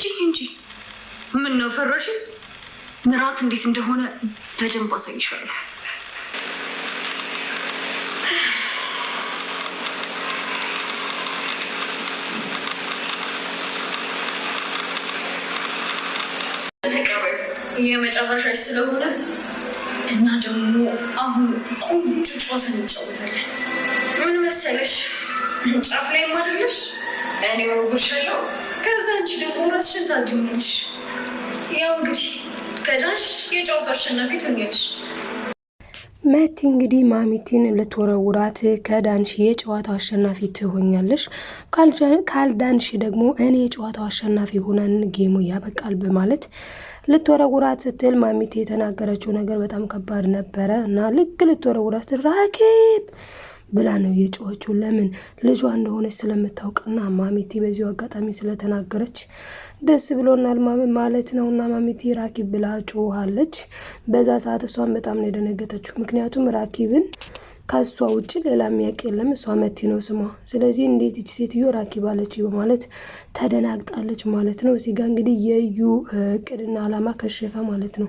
ፍረጅ እንጂ ምን ነው ፈራሽ? ምራት እንዴት እንደሆነ በደንብ አሳይሻለሁ። የመጨረሻ ስለሆነ እና ደግሞ አሁን ቆንጆ ጨዋታ እንጫወታለን። ምን መሰለሽ ጫፍ ላይ ማድረግሽ እኔ ጉርሻለው ከዛ አንቺ ደግሞ ራስሽን ታድኛለሽ። ያው እንግዲህ ከዳንሽ የጨዋታ አሸናፊ ትሆኛለሽ። መቲ እንግዲህ ማሚቲን ልትወረውራት ከዳንሽ የጨዋታው አሸናፊ ትሆኛለሽ፣ ካልዳንሽ ደግሞ እኔ የጨዋታው አሸናፊ ሆነን ጌሙ ያበቃል በማለት ልትወረውራት ስትል ማሚቲ የተናገረችው ነገር በጣም ከባድ ነበረ እና ልክ ልትወረውራት ስትል ራኬብ ብላ ነው የጮኸችው። ለምን ልጇ እንደሆነች ስለምታውቅና ማሚቲ በዚሁ አጋጣሚ ስለተናገረች ደስ ብሎናል ማለት ነው እና ማሚቲ ራኪብ ብላ ጮኻለች። በዛ ሰዓት እሷን በጣም ነው የደነገጠችው። ምክንያቱም ራኪብን ከእሷ ውጭ ሌላ የሚያውቅ የለም። እሷ መቲ ነው ስሟ። ስለዚህ እንዴት ይች ሴትዮ ራኪብ ባለች በማለት ተደናግጣለች ማለት ነው። እዚህ ጋ እንግዲህ የእዩ እቅድና አላማ ከሸፈ ማለት ነው።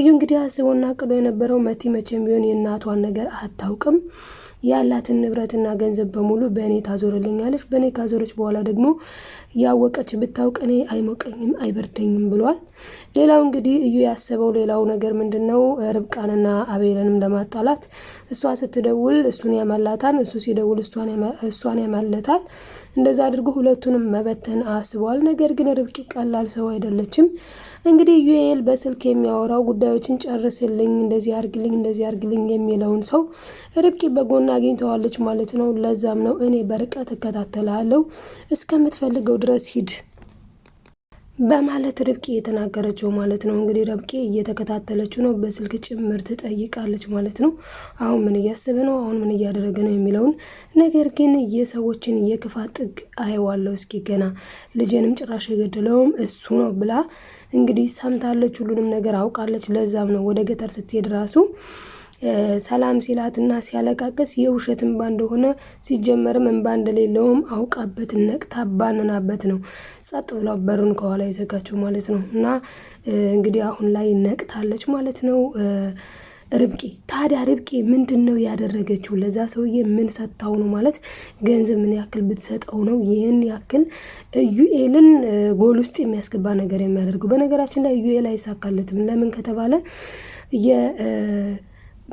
እዩ እንግዲህ አስቦና ቅዶ የነበረው መቲ መቼም ቢሆን የእናቷን ነገር አታውቅም ያላትን ንብረትና ገንዘብ በሙሉ በእኔ ታዞርልኛለች። በእኔ ካዞረች በኋላ ደግሞ ያወቀች ብታውቅ እኔ አይሞቀኝም አይበርደኝም ብሏል። ሌላው እንግዲህ እዩ ያሰበው ሌላው ነገር ምንድን ነው? ርብቃንና አቤልንም ለማጣላት እሷ ስትደውል እሱን ያማላታል፣ እሱ ሲደውል እሷን ያማለታል። እንደዛ አድርጎ ሁለቱንም መበተን አስቧል። ነገር ግን ርብቃ ቀላል ሰው አይደለችም። እንግዲህ ዩኤል በስልክ የሚያወራው ጉዳዮችን ጨርስልኝ፣ እንደዚህ አርግልኝ፣ እንደዚህ አርግልኝ የሚለውን ሰው ርብቃ በጎን አግኝተዋለች ማለት ነው። ለዛም ነው እኔ በርቀት እከታተላለሁ እስከምትፈልገው ድረስ ሂድ በማለት ርብቄ የተናገረችው ማለት ነው። እንግዲህ ርብቄ እየተከታተለችው ነው፣ በስልክ ጭምር ትጠይቃለች ማለት ነው። አሁን ምን እያስብ ነው፣ አሁን ምን እያደረገ ነው የሚለውን ነገር ግን የሰዎችን የክፋት ጥግ አየዋለሁ፣ እስኪ ገና ልጄንም ጭራሽ የገደለውም እሱ ነው ብላ እንግዲህ ሰምታለች፣ ሁሉንም ነገር አውቃለች። ለዛም ነው ወደ ገጠር ስትሄድ ራሱ ሰላም ሲላትና ሲያለቃቅስ የውሸት እንባ እንደሆነ ሲጀመርም እንባ እንደሌለውም አውቃበት ነቅታ ባንናበት ነው ጸጥ ብላ በሩን ከኋላ የዘጋችው ማለት ነው። እና እንግዲህ አሁን ላይ ነቅታለች ማለት ነው። ርብቃ ታዲያ ርብቄ ምንድን ነው ያደረገችው? ለዛ ሰውዬ ምን ሰጥታው ነው ማለት ገንዘብ ምን ያክል ብትሰጠው ነው ይህን ያክል እዩኤልን ጎል ውስጥ የሚያስገባ ነገር የሚያደርገው? በነገራችን ላይ እዩኤል አይሳካለትም። ለምን ከተባለ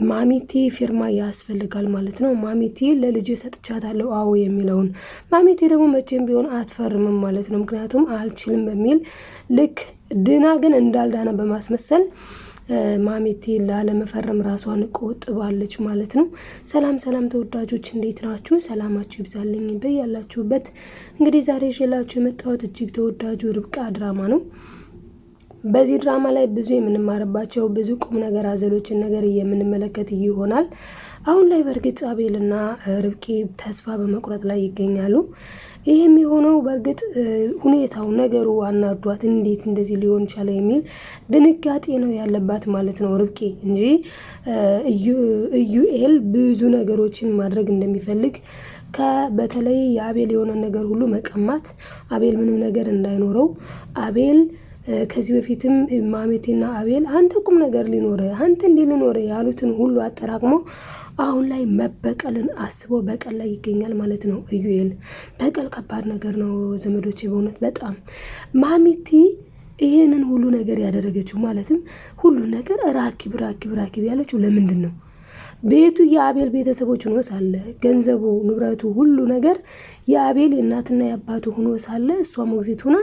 ማሚቴ ፊርማ ያስፈልጋል ማለት ነው። ማሚቴ ለልጅ ሰጥቻታለሁ አዎ የሚለውን ማሚቴ ደግሞ መቼም ቢሆን አትፈርምም ማለት ነው። ምክንያቱም አልችልም በሚል ልክ ድና ግን እንዳልዳና በማስመሰል ማሚቴ ላለመፈረም ራሷን ቆጥባለች ማለት ነው። ሰላም ሰላም ተወዳጆች እንዴት ናችሁ? ሰላማችሁ ይብዛልኝ በያላችሁበት። እንግዲህ ዛሬ ይዤላችሁ የመጣሁት እጅግ ተወዳጁ ርብቃ ድራማ ነው። በዚህ ድራማ ላይ ብዙ የምንማርባቸው ብዙ ቁም ነገር አዘሎችን ነገር የምንመለከት ይሆናል። አሁን ላይ በእርግጥ አቤልና ርብቄ ተስፋ በመቁረጥ ላይ ይገኛሉ። ይህ የሆነው በእርግጥ ሁኔታው ነገሩ አናዷት፣ እንዴት እንደዚህ ሊሆን ይቻለ የሚል ድንጋጤ ነው ያለባት ማለት ነው ርብቄ እንጂ እዩኤል ብዙ ነገሮችን ማድረግ እንደሚፈልግ ከበተለይ የአቤል የሆነ ነገር ሁሉ መቀማት፣ አቤል ምንም ነገር እንዳይኖረው አቤል ከዚህ በፊትም ማሜቴና አቤል አንተ ቁም ነገር ሊኖረ አንተ እንዲህ ሊኖረ ያሉትን ሁሉ አጠራቅሞ አሁን ላይ መበቀልን አስቦ በቀል ላይ ይገኛል ማለት ነው እዩኤል። በቀል ከባድ ነገር ነው ዘመዶች፣ በእውነት በጣም ማሚቲ ይሄንን ሁሉ ነገር ያደረገችው ማለትም ሁሉ ነገር ራኪብ ራኪብ ራኪብ ያለችው ለምንድን ነው? ቤቱ የአቤል ቤተሰቦች ሆኖ ሳለ ገንዘቡ፣ ንብረቱ፣ ሁሉ ነገር የአቤል የእናትና የአባቱ ሆኖ ሳለ እሷ ሞግዚት ሆና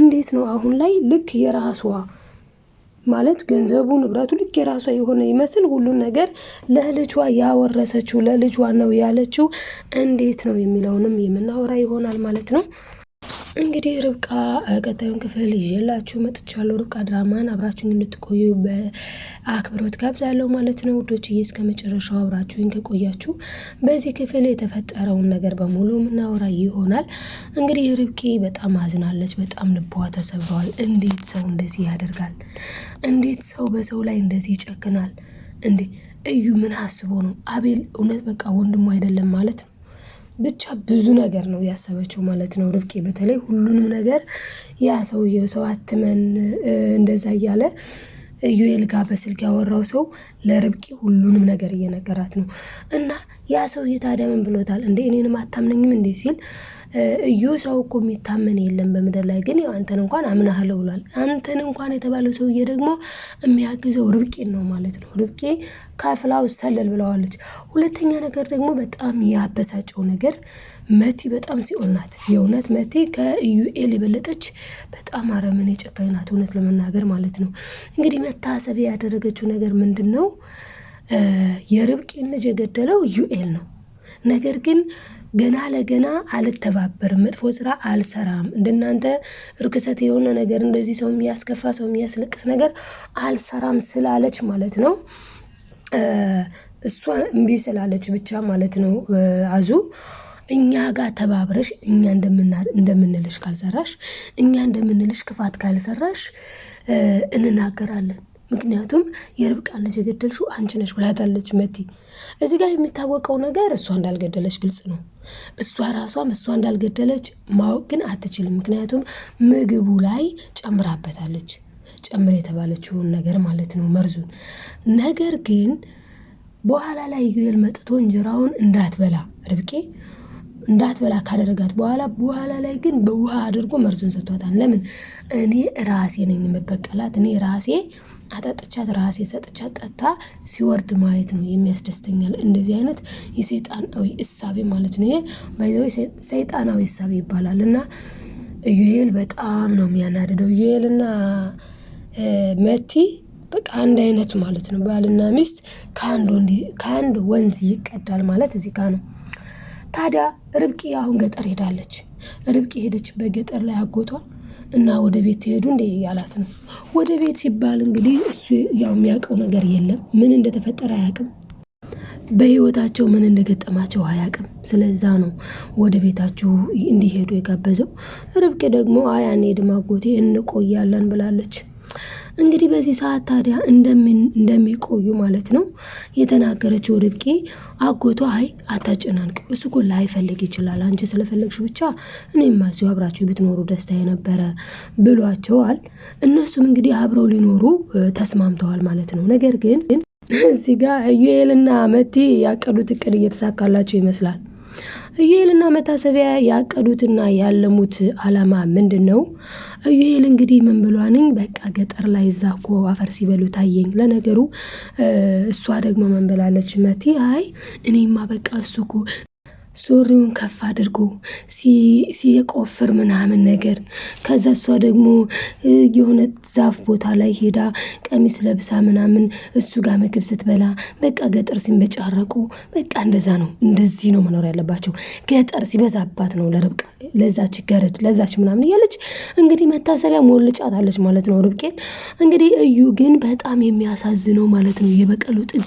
እንዴት ነው አሁን ላይ ልክ የራሷ ማለት ገንዘቡ ንብረቱ ልክ የራሷ የሆነ ይመስል ሁሉን ነገር ለልጇ ያወረሰችው ለልጇ ነው ያለችው እንዴት ነው የሚለውንም የምናወራ ይሆናል ማለት ነው። እንግዲህ ርብቃ ቀጣዩን ክፍል ይዤላችሁ መጥቻለሁ። ርብቃ ድራማን አብራችሁን እንድትቆዩ በአክብሮት ጋብዛለሁ ማለት ነው ውዶች። እዬ እስከ መጨረሻው አብራችሁን ከቆያችሁ በዚህ ክፍል የተፈጠረውን ነገር በሙሉ ምናወራ ይሆናል። እንግዲህ ርብቄ በጣም አዝናለች። በጣም ልቧ ተሰብረዋል። እንዴት ሰው እንደዚህ ያደርጋል? እንዴት ሰው በሰው ላይ እንደዚህ ይጨክናል? እንዴ እዩ ምን አስቦ ነው? አቤል እውነት በቃ ወንድሙ አይደለም ማለት ነው ብቻ ብዙ ነገር ነው ያሰበችው ማለት ነው ርብቃ። በተለይ ሁሉንም ነገር ያ ሰውየው ሰው አትመን እንደዛ እያለ ዩኤል ጋር በስልክ ያወራው ሰው ለርብቃ ሁሉንም ነገር እየነገራት ነው። እና ያ ሰውዬ ታዲያ ምን ብሎታል እንዴ? እኔንም አታምነኝም እንዴ ሲል እዩ ሰው እኮ የሚታመን የለም በምድር ላይ ግን ያው አንተን እንኳን አምናህለው ብሏል። አንተን እንኳን የተባለው ሰውዬ ደግሞ የሚያግዘው ርብቃን ነው ማለት ነው። ርብቃ ካፍላው ሰለል ብለዋለች። ሁለተኛ ነገር ደግሞ በጣም ያበሳጨው ነገር መቲ በጣም ሲኦል ናት። የእውነት መቲ ከኢዩኤል የበለጠች በጣም አረመኔ ጨካኝ ናት፣ እውነት ለመናገር ማለት ነው። እንግዲህ መታሰቢያ ያደረገችው ነገር ምንድን ነው? የርብቃን ልጅ የገደለው ዩኤል ነው። ነገር ግን ገና ለገና አልተባበርም፣ መጥፎ ስራ አልሰራም፣ እንደናንተ እርክሰት የሆነ ነገር እንደዚህ ሰው የሚያስከፋ ሰው የሚያስለቅስ ነገር አልሰራም ስላለች ማለት ነው። እሷ እምቢ ስላለች ብቻ ማለት ነው። አዙ እኛ ጋር ተባብረሽ እኛ እንደምንልሽ ካልሰራሽ፣ እኛ እንደምንልሽ ክፋት ካልሰራሽ እንናገራለን ምክንያቱም የርብቃን ልጅ የገደልሽው አንቺ ነሽ ብላታለች መቲ። እዚህ ጋር የሚታወቀው ነገር እሷ እንዳልገደለች ግልጽ ነው። እሷ ራሷም እሷ እንዳልገደለች ማወቅ ግን አትችልም። ምክንያቱም ምግቡ ላይ ጨምራበታለች። ጨምር የተባለችውን ነገር ማለት ነው መርዙን። ነገር ግን በኋላ ላይ ዩኤል መጥቶ እንጀራውን እንዳትበላ ርብቄ እንዳትበላ ካደረጋት በኋላ በኋላ ላይ ግን በውሃ አድርጎ መርዙን ሰጥቷታል። ለምን እኔ ራሴ ነኝ የምበቀላት፣ እኔ ራሴ አጠጥቻት ራሴ ሰጥቻት ጠታ ሲወርድ ማየት ነው የሚያስደስተኛል። እንደዚህ አይነት የሰይጣናዊ እሳቤ ማለት ነው። ይሄ ባይዘው ሰይጣናዊ እሳቤ ይባላል እና ኢዩኤል በጣም ነው የሚያናድደው። ኢዩኤልና መቲ በቃ አንድ አይነት ማለት ነው። ባልና ሚስት ከአንድ ወንዝ ይቀዳል ማለት እዚህ ጋር ነው። ታዲያ ርብቃ አሁን ገጠር ሄዳለች። ርብቃ ሄደችበት ገጠር ላይ አጎቷ እና ወደ ቤት ትሄዱ እንዴ ያላት ነው። ወደ ቤት ሲባል እንግዲህ እሱ ያው የሚያውቀው ነገር የለም። ምን እንደተፈጠረ አያውቅም። በህይወታቸው ምን እንደገጠማቸው አያውቅም። ስለዛ ነው ወደ ቤታችሁ እንዲሄዱ የጋበዘው። ርብቃ ደግሞ አያኔ ድማጎቴ እንቆያለን ብላለች። እንግዲህ በዚህ ሰዓት ታዲያ እንደሚቆዩ ማለት ነው የተናገረችው ርብቃ አጎቷ አይ አታጨናንቅ፣ እሱ እኮ ላይፈልግ ይችላል፣ አንቺ ስለፈለግሽ ብቻ እኔ እዚሁ አብራችሁ ብትኖሩ ደስታ የነበረ ብሏቸዋል። እነሱም እንግዲህ አብረው ሊኖሩ ተስማምተዋል ማለት ነው። ነገር ግን እዚህ ጋር ዩኤልና መቲ ያቀዱት እቅድ እየተሳካላቸው ይመስላል። እዩሄልና መታሰቢያ ያቀዱትና ያለሙት አላማ ምንድን ነው? እዩሄል እንግዲህ ምን ብሏንኝ? በቃ ገጠር ላይ እዛ እኮ አፈር ሲበሉ ታየኝ። ለነገሩ እሷ ደግሞ መንበላለች መቲ አይ እኔማ በቃ እሱ እኮ ሱሪውን ከፍ አድርጎ ሲቆፍር ምናምን ነገር ከዛ እሷ ደግሞ የሆነ ዛፍ ቦታ ላይ ሄዳ ቀሚስ ለብሳ ምናምን እሱ ጋር ምግብ ስትበላ በቃ ገጠር ሲንበጫረቁ በቃ እንደዛ ነው። እንደዚህ ነው መኖር ያለባቸው። ገጠር ሲበዛባት ነው ለርብቃ ለዛች ገረድ ለዛች ምናምን እያለች እንግዲህ መታሰቢያ ሞልጫታለች ማለት ነው ርብቄን። እንግዲህ እዩ ግን በጣም የሚያሳዝነው ማለት ነው የበቀሉ ጥግ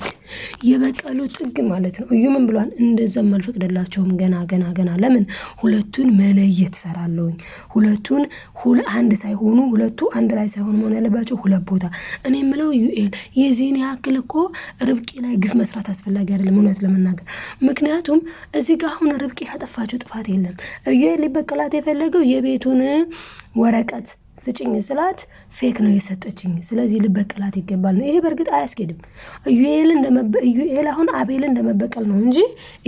የበቀሉ ጥግ ማለት ነው እዩ ምን ብሏል? እንደዛም አልፈቅደላቸው አልሰራቸውም ገና ገና ገና። ለምን ሁለቱን መለየት ሰራለሁኝ። ሁለቱን አንድ ሳይሆኑ ሁለቱ አንድ ላይ ሳይሆኑ መሆን ያለባቸው ሁለት ቦታ። እኔ የምለው ዩኤል የዚህን ያክል እኮ ርብቂ ላይ ግፍ መስራት አስፈላጊ አይደለም፣ እውነት ለመናገር ምክንያቱም እዚህ ጋር አሁን ርብቂ ያጠፋችው ጥፋት የለም። ዩኤል ሊበቀላት የፈለገው የቤቱን ወረቀት ስጭኝ ስላት ፌክ ነው የሰጠችኝ፣ ስለዚህ ልበቀላት ይገባል ነው። ይሄ በእርግጥ አያስኬድም። ኢዩኤል አሁን አቤልን እንደመበቀል ነው እንጂ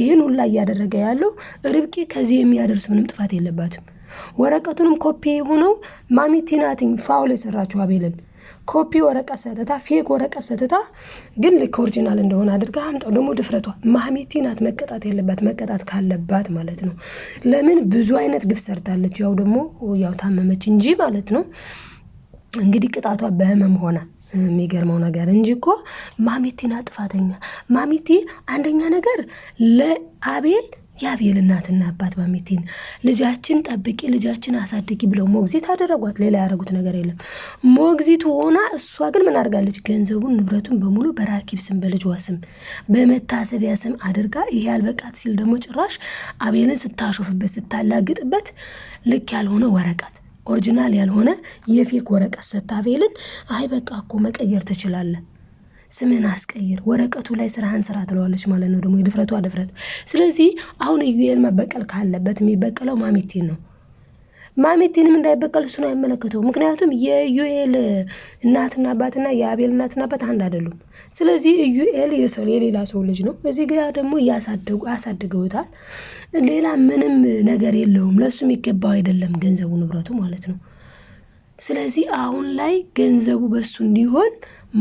ይህን ሁላ እያደረገ ያለው ርብቄ ከዚህ የሚያደርስ ምንም ጥፋት የለባትም። ወረቀቱንም ኮፒ ሆነው ማሚቲ ናትኝ ፋውል የሰራችው አቤልን ኮፒ ወረቀት ሰጥታ ፌክ ወረቀት ሰጥታ ግን ልክ ኦሪጂናል እንደሆነ አድርጋ አምጣው። ደግሞ ድፍረቷ ማህሜቲ ናት መቀጣት የለባት መቀጣት ካለባት ማለት ነው። ለምን ብዙ አይነት ግፍ ሰርታለች። ያው ደግሞ ያው ታመመች እንጂ ማለት ነው እንግዲህ ቅጣቷ በህመም ሆነ። የሚገርመው ነገር እንጂ እኮ ማሚቲና ጥፋተኛ። ማሚቲ አንደኛ ነገር ለአቤል የአቤል እናትና አባት ባሜቴን ልጃችን ጠብቂ፣ ልጃችን አሳድጊ ብለው ሞግዚት አደረጓት። ሌላ ያደረጉት ነገር የለም። ሞግዚት ሆና እሷ ግን ምን አድርጋለች? ገንዘቡን ንብረቱን በሙሉ በራኪብ ስም፣ በልጇ ስም፣ በመታሰቢያ ስም አድርጋ ይሄ አልበቃት ሲል ደግሞ ጭራሽ አቤልን ስታሾፍበት፣ ስታላግጥበት ልክ ያልሆነ ወረቀት ኦሪጂናል ያልሆነ የፌክ ወረቀት ሰታ አቤልን አይ በቃ እኮ መቀየር ትችላለን ስምህን አስቀይር፣ ወረቀቱ ላይ ስራህን ስራ ትለዋለች ማለት ነው። ደግሞ የድፍረቷ ድፍረት። ስለዚህ አሁን ኢዩኤል መበቀል ካለበት የሚበቀለው ማሚቴን ነው። ማሚቴንም እንዳይበቀል እሱን አይመለከተው። ምክንያቱም የዩኤል እናትና አባትና የአቤል እናትና አባት አንድ አይደሉም። ስለዚህ ዩኤል የሰው የሌላ ሰው ልጅ ነው። እዚህ ጋር ደግሞ ያሳድገውታል። አሳድገውታል። ሌላ ምንም ነገር የለውም። ለእሱ የሚገባው አይደለም ገንዘቡ ንብረቱ ማለት ነው። ስለዚህ አሁን ላይ ገንዘቡ በሱ እንዲሆን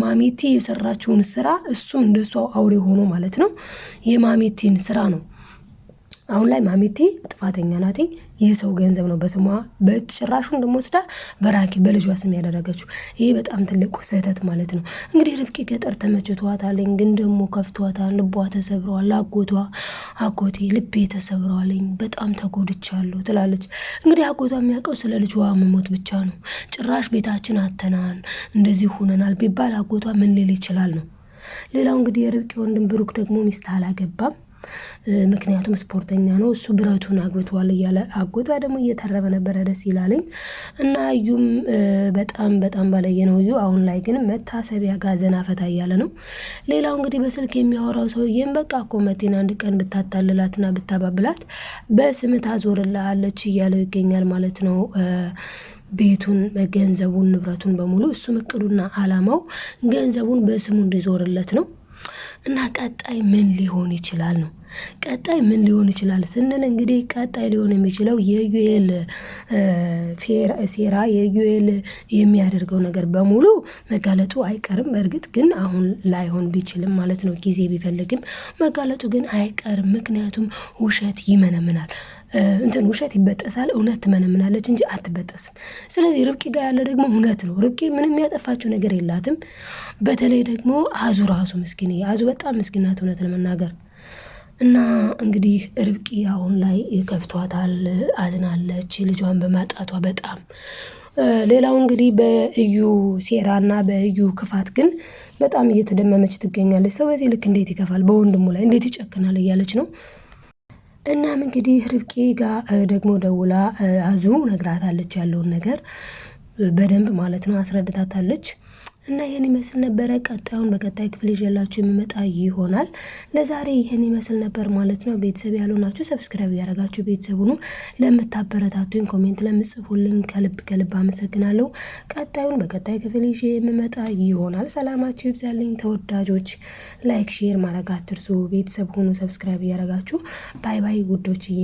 ማሜቴ የሰራችውን ስራ እሱም እንደሷ አውሬ ሆኖ ማለት ነው የማሜቲን ስራ ነው አሁን ላይ ማሚቲ ጥፋተኛ ናትኝ። ይህ ሰው ገንዘብ ነው በስሟ በጭራሹ እንደምወስዳ በራኪ በልጇ ስም ያደረገችው ይህ በጣም ትልቁ ስህተት ማለት ነው። እንግዲህ ርብቂ ገጠር ተመችቷታለኝ፣ ግን ደግሞ ከፍቷታል። ልቧ ተሰብረዋል። አጎቷ አጎቴ ልቤ ተሰብረዋለኝ፣ በጣም ተጎድቻለሁ ትላለች። እንግዲህ አጎቷ የሚያውቀው ስለ ልጇ መሞት ብቻ ነው። ጭራሽ ቤታችን አተናል፣ እንደዚህ ሁነናል ቢባል አጎቷ ምን ሊል ይችላል ነው። ሌላው እንግዲህ የርብቂ ወንድም ብሩክ ደግሞ ሚስት አላገባም ምክንያቱም ስፖርተኛ ነው እሱ ብረቱን አግብተዋል እያለ አጎቷ ደግሞ እየተረበ ነበረ። ደስ ይላለኝ እና እዩም በጣም በጣም ባለየ ነው። እዩ አሁን ላይ ግን መታሰቢያ ጋዘና ፈታ እያለ ነው። ሌላው እንግዲህ በስልክ የሚያወራው ሰውዬም በቃ እኮ መቴን አንድ ቀን ብታታልላትና ብታባብላት በስምህ ታዞርልሃለች እያለው ይገኛል ማለት ነው። ቤቱን ገንዘቡን ንብረቱን በሙሉ እሱም እቅዱና አላማው ገንዘቡን በስሙ እንዲዞርለት ነው። እና ቀጣይ ምን ሊሆን ይችላል ነው። ቀጣይ ምን ሊሆን ይችላል ስንል እንግዲህ ቀጣይ ሊሆን የሚችለው የዩኤል ሴራ የዩኤል የሚያደርገው ነገር በሙሉ መጋለጡ አይቀርም። በእርግጥ ግን አሁን ላይሆን ቢችልም ማለት ነው ጊዜ ቢፈልግም መጋለጡ ግን አይቀርም። ምክንያቱም ውሸት ይመነምናል። እንትን ውሸት ይበጠሳል፣ እውነት ትመነምናለች እንጂ አትበጠስም። ስለዚህ ርብቂ ጋር ያለ ደግሞ እውነት ነው። ርብቂ ምንም ያጠፋችው ነገር የላትም። በተለይ ደግሞ አዙ ራሱ ምስኪን፣ አዙ በጣም ምስኪናት እውነት ለመናገር እና እንግዲህ ርብቂ አሁን ላይ ከብቷታል፣ አዝናለች ልጇን በማጣቷ በጣም ሌላው እንግዲህ በእዩ ሴራ እና በእዩ ክፋት ግን በጣም እየተደመመች ትገኛለች። ሰው በዚህ ልክ እንዴት ይከፋል፣ በወንድሙ ላይ እንዴት ይጨክናል እያለች ነው። እናም እንግዲህ ርብቃ ጋር ደግሞ ደውላ አዙ ነግራታለች ያለውን ነገር በደንብ ማለት ነው አስረድታታለች። እና ይህን ይመስል ነበረ። ቀጣዩን በቀጣይ ክፍል ይዤላችሁ የሚመጣ ይሆናል። ለዛሬ ይህን ይመስል ነበር ማለት ነው። ቤተሰብ ያሉ ሰብስክራይብ እያደረጋችሁ ቤተሰብ ሁኑ። ለምታበረታቱኝ ኮሜንት ለምጽፉልኝ ከልብ ከልብ አመሰግናለሁ። ቀጣዩን በቀጣይ ክፍል ይዤ የሚመጣ ይሆናል። ሰላማችሁ ይብዛልኝ ተወዳጆች። ላይክ ሼር ማድረግ አትርሱ። ቤተሰብ ሁኑ ሰብስክራይብ እያደረጋችሁ ባይ ባይ ውዶችዬ።